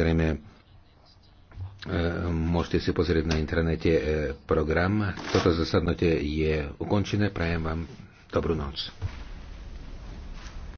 Samozrejme, e, môžete si pozrieť na internete e, program. Toto zasadnutie je ukončené. Prajem vám dobrú noc.